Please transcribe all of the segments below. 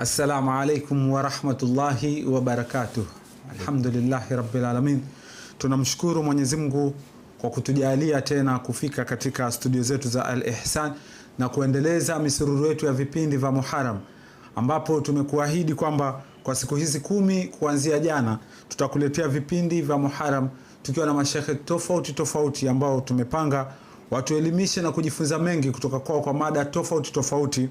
Assalamu alaikum warahmatullahi wabarakatuh. Alhamdulillahi rabbil alamin, tunamshukuru Mwenyezi Mungu kwa kutujalia tena kufika katika studio zetu za Al Ihsan na kuendeleza misururu yetu ya vipindi vya Muharram, ambapo tumekuahidi kwamba kwa siku hizi kumi kuanzia jana tutakuletea vipindi vya Muharram tukiwa na mashehe tofauti tofauti ambao tumepanga watuelimishe na kujifunza mengi kutoka kwao kwa mada tofauti tofauti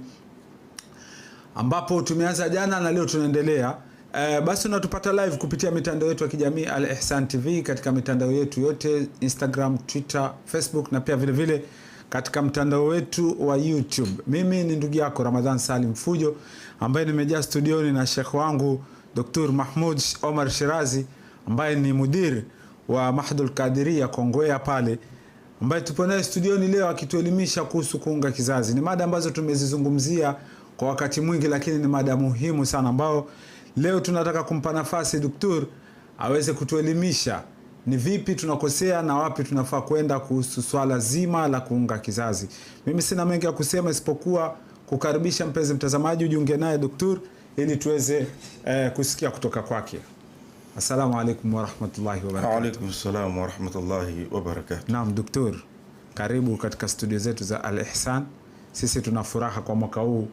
ambapo tumeanza jana na leo tunaendelea. E, basi unatupata live kupitia mitandao yetu ya kijamii Al Ihsan TV katika mitandao yetu yote Instagram, Twitter, Facebook na pia vile vile katika mtandao wetu wa YouTube. Mimi ni ndugu yako Ramadhan Salim Fujo ambaye nimejaa studioni na shekh wangu Dr. Mahmud Omar Shirazi ambaye ni mudiri wa Mahdul Kadiria Kongwea pale ambaye tupo naye studioni leo akituelimisha kuhusu kuunga kizazi. Ni mada ambazo tumezizungumzia kwa wakati mwingi, lakini ni mada muhimu sana ambao leo tunataka kumpa nafasi Duktur aweze kutuelimisha ni vipi tunakosea na wapi tunafaa kwenda kuhusu swala zima la kuunga kizazi. Mimi sina mengi ya kusema isipokuwa kukaribisha mpenzi mtazamaji ujiunge naye Duktur ili tuweze eh, kusikia kutoka kwake. Assalamu alaikum Naam, karibu katika studio zetu za Al Ihsan. Sisi tuna furaha kwa mwaka huu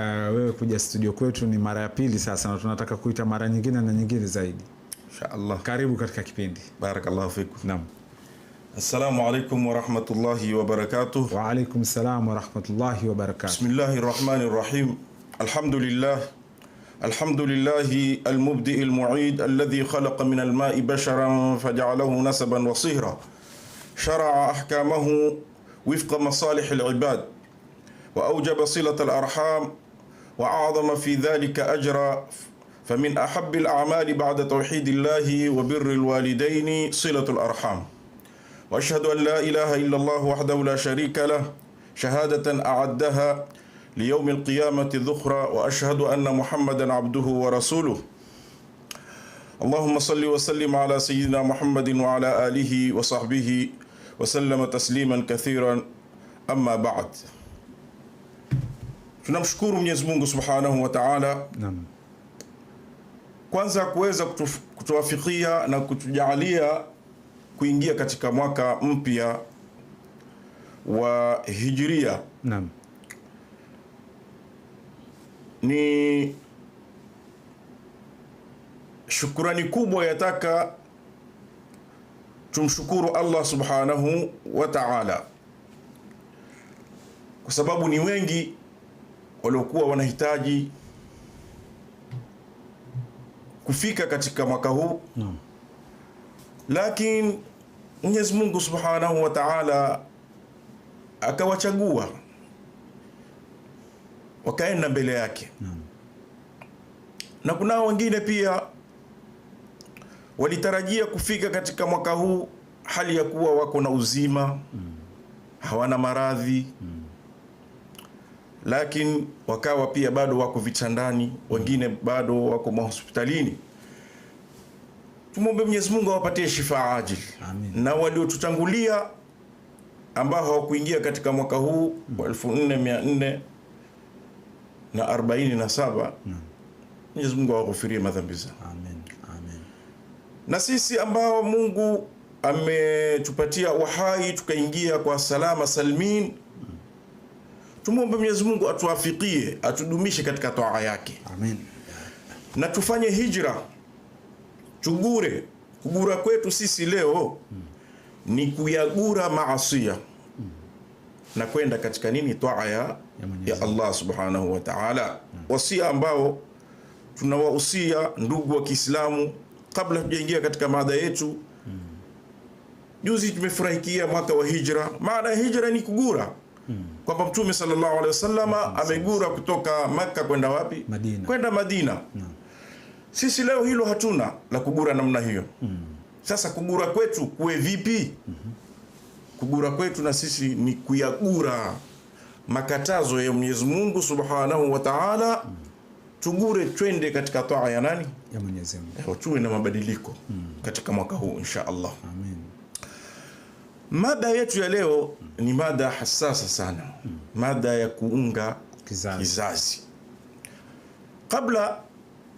uh, wewe kuja studio kwetu ni mara ya pili sasa, na tunataka kuita mara nyingine na nyingine zaidi inshallah. Karibu katika kipindi. Barakallahu fikum. Naam. Assalamu alaikum warahmatullahi wabarakatuh. Wa alaikum salam warahmatullahi wabarakatuh. Bismillahi rahmani rahim. Alhamdulillah الحمد لله المبدئ المعيد الذي خلق من الماء بشرا فجعله نسبا وصهرا شرع احكامه وفق مصالح العباد واوجب صله الارحام وأعظم في ذلك أجرا فمن أحب الأعمال بعد توحيد الله وبر الوالدين صلة الأرحام وأشهد أن لا إله إلا الله وحده لا شريك له شهادة أعدها ليوم القيامة ذخرى وأشهد أن محمدا عبده ورسوله اللهم صل وسلم على سيدنا محمد وعلى آله وصحبه وسلم تسليما كثيرا أما بعد Tunamshukuru Mwenyezi Mungu Subhanahu wa Ta'ala, kwanza kuweza kutuwafikia na kutujaalia kuingia katika mwaka mpya wa Hijria, naam, ni shukurani kubwa yataka tumshukuru Allah Subhanahu wa Ta'ala, kwa sababu ni wengi waliokuwa wanahitaji kufika katika mwaka huu no. Lakini Mwenyezi Mungu Subhanahu wa Ta'ala akawachagua wakaenda mbele yake no. Na kunao wengine pia walitarajia kufika katika mwaka huu hali ya kuwa wako na uzima mm. hawana maradhi mm lakini wakawa pia bado wako vitandani wengine bado wako mahospitalini. Tumwombe Mwenyezi Mungu awapatie shifa ajil. Amin. Na waliotutangulia ambao hawakuingia katika mwaka huu wa saba hmm. Mwenyezi Mungu awaghufirie madhambi zao. Amin. Amin. Na sisi ambao Mungu ametupatia uhai tukaingia kwa salama salmin Tumwombe Mwenyezi Mungu atuafikie, atudumishe katika toa yake. Amen. Na tufanye hijra, tugure. Kugura kwetu sisi leo hmm. ni kuyagura maasia hmm. na kwenda katika nini, toa ya ya Allah subhanahu wa ta'ala hmm. wasia ambao tunawahusia ndugu wa Kiislamu kabla tujaingia katika mada yetu hmm. Juzi tumefurahikia mwaka wa hijra. Maana hijra ni kugura mm. kwamba Mtume sallallahu alaihi wasallama mm. amegura kutoka Makka kwenda wapi? Madina. Kwenda Madina mm. Sisi leo hilo hatuna la kugura namna hiyo mm. Sasa kugura kwetu kuwe vipi? mm -hmm. Kugura kwetu na sisi ni kuyagura makatazo ya Mwenyezi Mungu Subhanahu wa Ta'ala mm. Tugure twende katika taa ya nani? Ya Mwenyezi Mungu. Tuwe na mabadiliko mm. katika mwaka huu insha Allah. Mada yetu ya leo ni mada hasasa sana, mada ya kuunga kizazi, kizazi. Kabla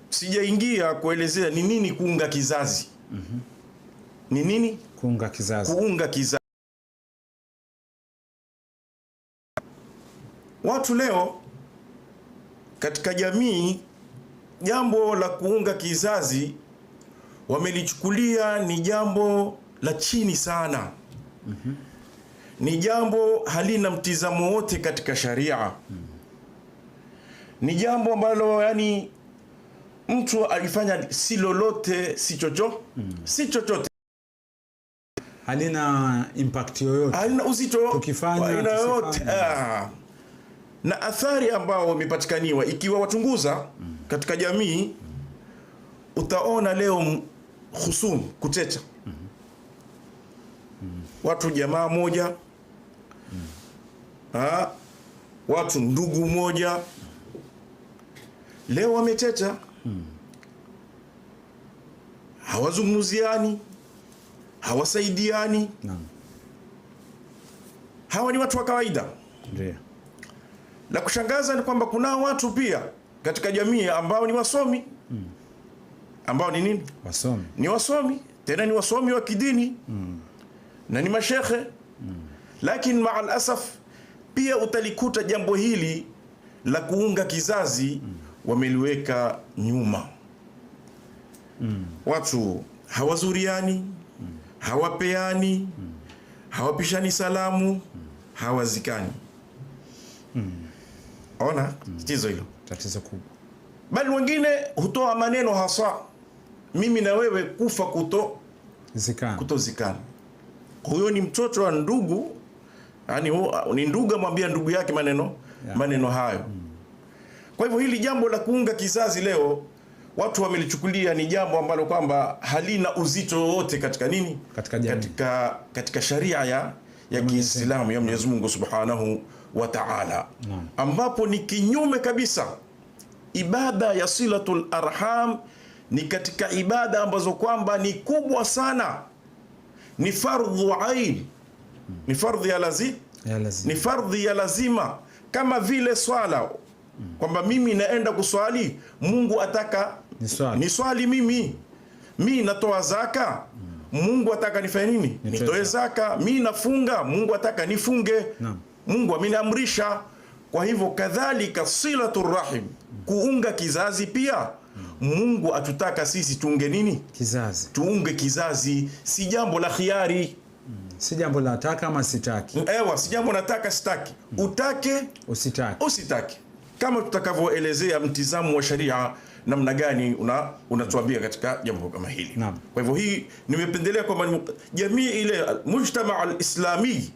sijaingia kuelezea ni nini kuunga kizazi mhm. ni nini kuunga kizazi, kuunga kizazi. Watu leo katika jamii jambo la kuunga kizazi wamelichukulia ni jambo la chini sana. Mm-hmm. ni jambo halina mtizamo wote katika sharia mm-hmm. ni jambo ambalo yani mtu alifanya si lolote si chocho mm-hmm. si chochote halina impact yoyote, halina uzito, tukifanya yoyote ah. na athari ambao imepatikaniwa ikiwa wachunguza mm. katika jamii utaona leo husumu kutecha watu jamaa moja ha, watu ndugu moja, leo wameteta hawazungumziani, hawasaidiani hawa ni watu wa kawaida La kushangaza ni kwamba kunao watu pia katika jamii ambao ni wasomi mm. ambao ni nini? Wasomi. Ni wasomi tena ni wasomi wa kidini mm na ni mashekhe Lakini maa alasaf pia utalikuta jambo hili la kuunga kizazi wameliweka nyuma mm. Watu hawazuriani hawapeani hawapishani salamu hawazikani mm. Ona tatizo mm. hilo, tatizo kubwa, bali wengine hutoa maneno hasa mimi na wewe kufa kuto kuto huyo ni mtoto wa ndugu, yani ah, ni ndugu amwambia ndugu yake maneno yeah, maneno hayo mm. Kwa hivyo hili jambo la kuunga kizazi leo watu wamelichukulia ni jambo ambalo kwamba halina uzito wowote katika nini, katika, katika, katika sharia ya, ya Kiislamu ya Mwenyezi Mungu Subhanahu wa Ta'ala, ambapo ni kinyume kabisa. Ibada ya silatul arham ni katika ibada ambazo kwamba ni kubwa sana ni fardhu ain, ni fardhi ya lazima, ni fardhi ya lazima, kama vile swala kwamba mimi naenda kuswali, Mungu ataka niswali, swali mimi mi natoa zaka Mungu ataka nifanye nini? Nitoe zaka. Mi nafunga, Mungu ataka nifunge. Mungu ameniamrisha. Kwa hivyo kadhalika, silatu rahim, kuunga kizazi pia Mungu atutaka sisi tuunge nini? Kizazi. Tuunge kizazi, si jambo la khiari mm, si jambo nataka ama sitaki. Ewa, si jambo nataka sitaki, mm. utake usitake, usitake. Kama tutakavyoelezea mtizamo wa sharia namna gani unatuambia una katika jambo kama hili. Kwa hivyo hii nimependelea kwamba jamii ile mujtama alislami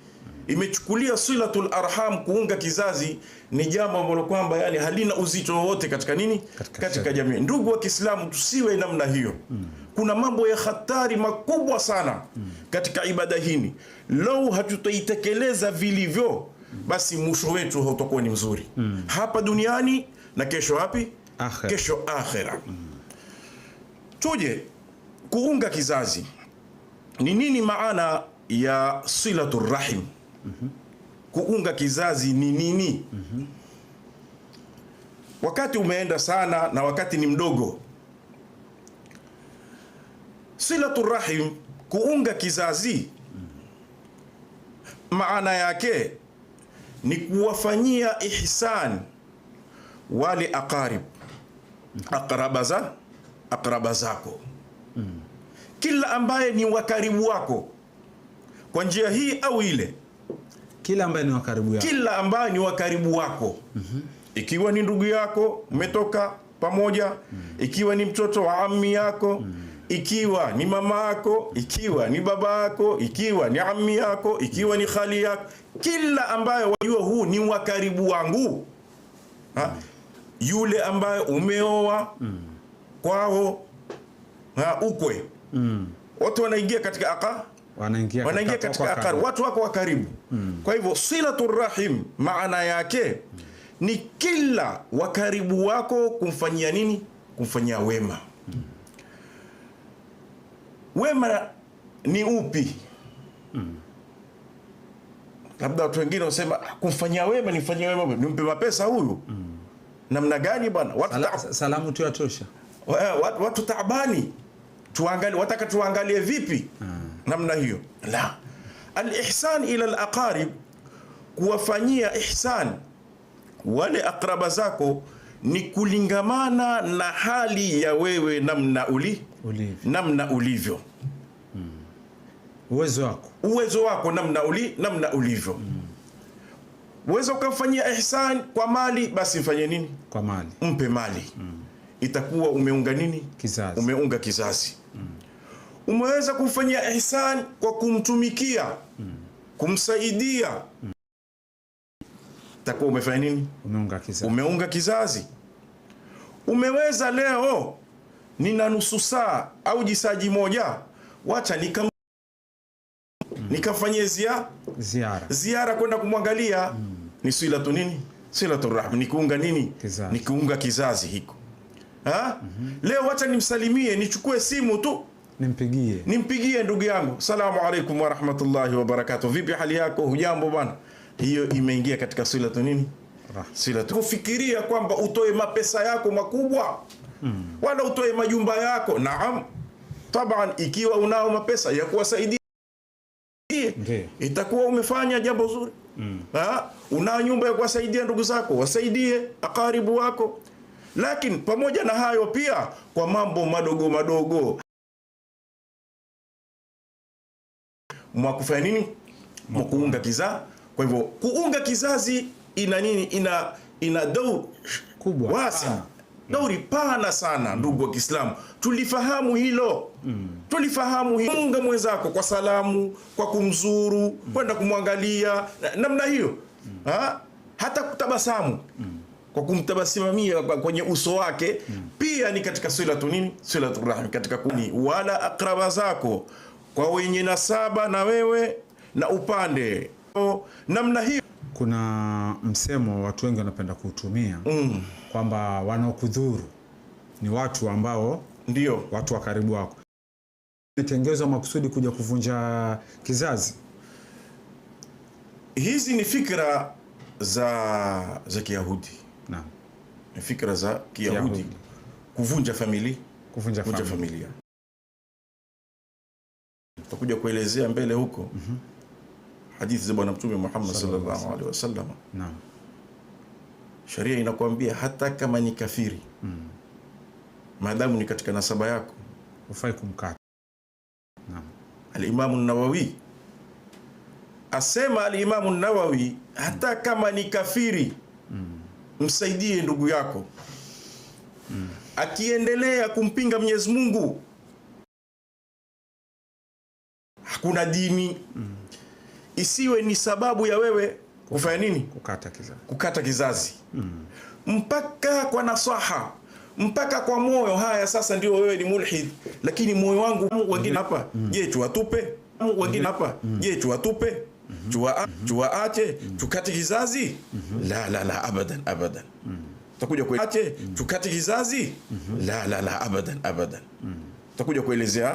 imechukulia silatul arham kuunga kizazi ni jambo ambalo kwamba yani halina uzito wowote katika nini, katika, katika jamii. Ndugu wa Kiislamu, tusiwe namna hiyo mm. Kuna mambo ya hatari makubwa sana mm. katika ibada hini, lau hatutaitekeleza vilivyo, basi mwisho wetu hautakuwa ni mzuri mm. hapa duniani na kesho wapi? Kesho akhera mm. Tuje kuunga kizazi, ni nini maana ya silatul rahim? -hmm. Kuunga kizazi ni nini? mm -hmm. Wakati umeenda sana na wakati ni mdogo. Silatu rahim, kuunga kizazi mm -hmm. maana yake ni kuwafanyia ihsan wale aqarib aqraba za aqraba zako mm kila ambaye ni wakaribu wako kwa njia hii au ile kila ambaye ni wa karibu yako, kila ambaye ni wa karibu wako mm -hmm. ikiwa ni ndugu yako umetoka pamoja mm -hmm. ikiwa ni mtoto wa ammi yako mm -hmm ikiwa ni mama yako, ikiwa ni baba yako, ikiwa ni ammi yako, ikiwa ni khali yako, kila ambaye wajua huu ni wa karibu wangu ha? Mhm. Yule ambaye umeoa mm. kwao ha, ukwe mm. wanaingia katika wanaingia, wanaingia katika akari, watu wako wa karibu mm. Kwa hivyo silatul rahim maana yake mm. ni kila wakaribu wako kumfanyia nini? Kumfanyia wema mm. Wema ni upi? mm. Labda watu wengine wanasema ah, kumfanyia wema, nifanyia wema, nimpe mapesa huyu mm. Namna gani bwana? Watu ta... salamu tu yatosha. Eh, watu tabani, tuangalie, wataka tuangalie vipi? mm namna hiyo la alihsan ila alaqarib, kuwafanyia ihsan wale akraba zako ni kulingamana na hali ya wewe namna uli, ulivyo, namna ulivyo hmm. uwezo wako uwezo wako namna uli, namna ulivyo hmm. Uweza ukafanyia ihsan kwa mali, basi mfanye nini? Kwa mali, mpe mali hmm. Itakuwa umeunga nini? Kizazi, umeunga kizazi hmm umeweza kumfanyia ihsan kwa kumtumikia, kumsaidia, takuwa umefanya nini? Umeunga kizazi, umeunga kizazi. Umeweza leo nina nusu saa au jisaji moja, wacha nika mm. nikafanyia ziara ziara, ziara kwenda kumwangalia mm. ni silatu nini, silatu rahmi, nikuunga nini, nikiunga kizazi hiko Mm -hmm. Leo wacha nimsalimie, nichukue simu tu nimpigie nimpigie ndugu yangu. Salamu alaikum warahmatullahi wabarakatuh, vipi hali yako? Hujambo bwana? Hiyo imeingia katika silatu nini, silatu kufikiria kwamba utoe mapesa yako makubwa hmm. wala utoe majumba yako. Naam, taban, ikiwa unao mapesa ya kuwasaidia itakuwa umefanya jambo zuri mm. Una nyumba ya kuwasaidia ndugu zako, wasaidie akaribu wako. Lakini pamoja na hayo pia, kwa mambo madogo madogo mwakufanya nini? Mwakuunga kizazi. Kwa hivyo kuunga kizazi ina nini? Ina ina dau kubwa wasi ah. dauri pana sana, ndugu wa Kiislamu, tulifahamu hilo mm. Tulifahamu hilo, unga mwenzako kwa salamu, kwa kumzuru mm. kwenda kumwangalia namna hiyo mm. ha? Ah, hata kutabasamu mm. kwa kumtabasimamia kwenye uso wake mm. pia ni katika silatu nini, silatu rahim, katika kuni wala akraba zako kwa wenye nasaba na wewe na upande namna hiyo. Kuna msemo watu wengi wanapenda kuutumia mm, kwamba wanaokudhuru ni watu ambao ndio watu wa karibu wako, imetengezwa makusudi kuja kuvunja kizazi. Hizi ni fikra za za Kiyahudi na fikra za Kiyahudi, kuvunja familia, kuvunja familia tutakuja kuelezea mbele huko mm -hmm. hadithi za Bwana Mtume Muhammad sallallahu alaihi wasallam. Naam, sharia inakuambia hata kama ni kafiri mm. maadamu ni katika nasaba yako ufai kumkata. Naam, Alimamu Nawawi asema, Alimamu Nawawi hata mm. kama ni kafiri mm. msaidie ndugu yako mm. akiendelea kumpinga Mwenyezi Mungu hakuna dini mm. isiwe ni sababu ya wewe kufanya nini? Kukata kizazi, kukata kizazi. Mm. mpaka kwa nasaha mpaka kwa moyo. Haya, sasa ndio wewe ni mulhid, lakini moyo wangu wengine hapa mm. je, tuwatupe wengine hapa mm. je, tuwatupe mm-hmm. Mm-hmm. tuwaache mm-hmm. tukate kizazi? La, la, la, abadan abadan. Mm. Tutakuja kuache mm. tukate kizazi? La, la, la, abadan abadan. Mm. Tutakuja kuelezea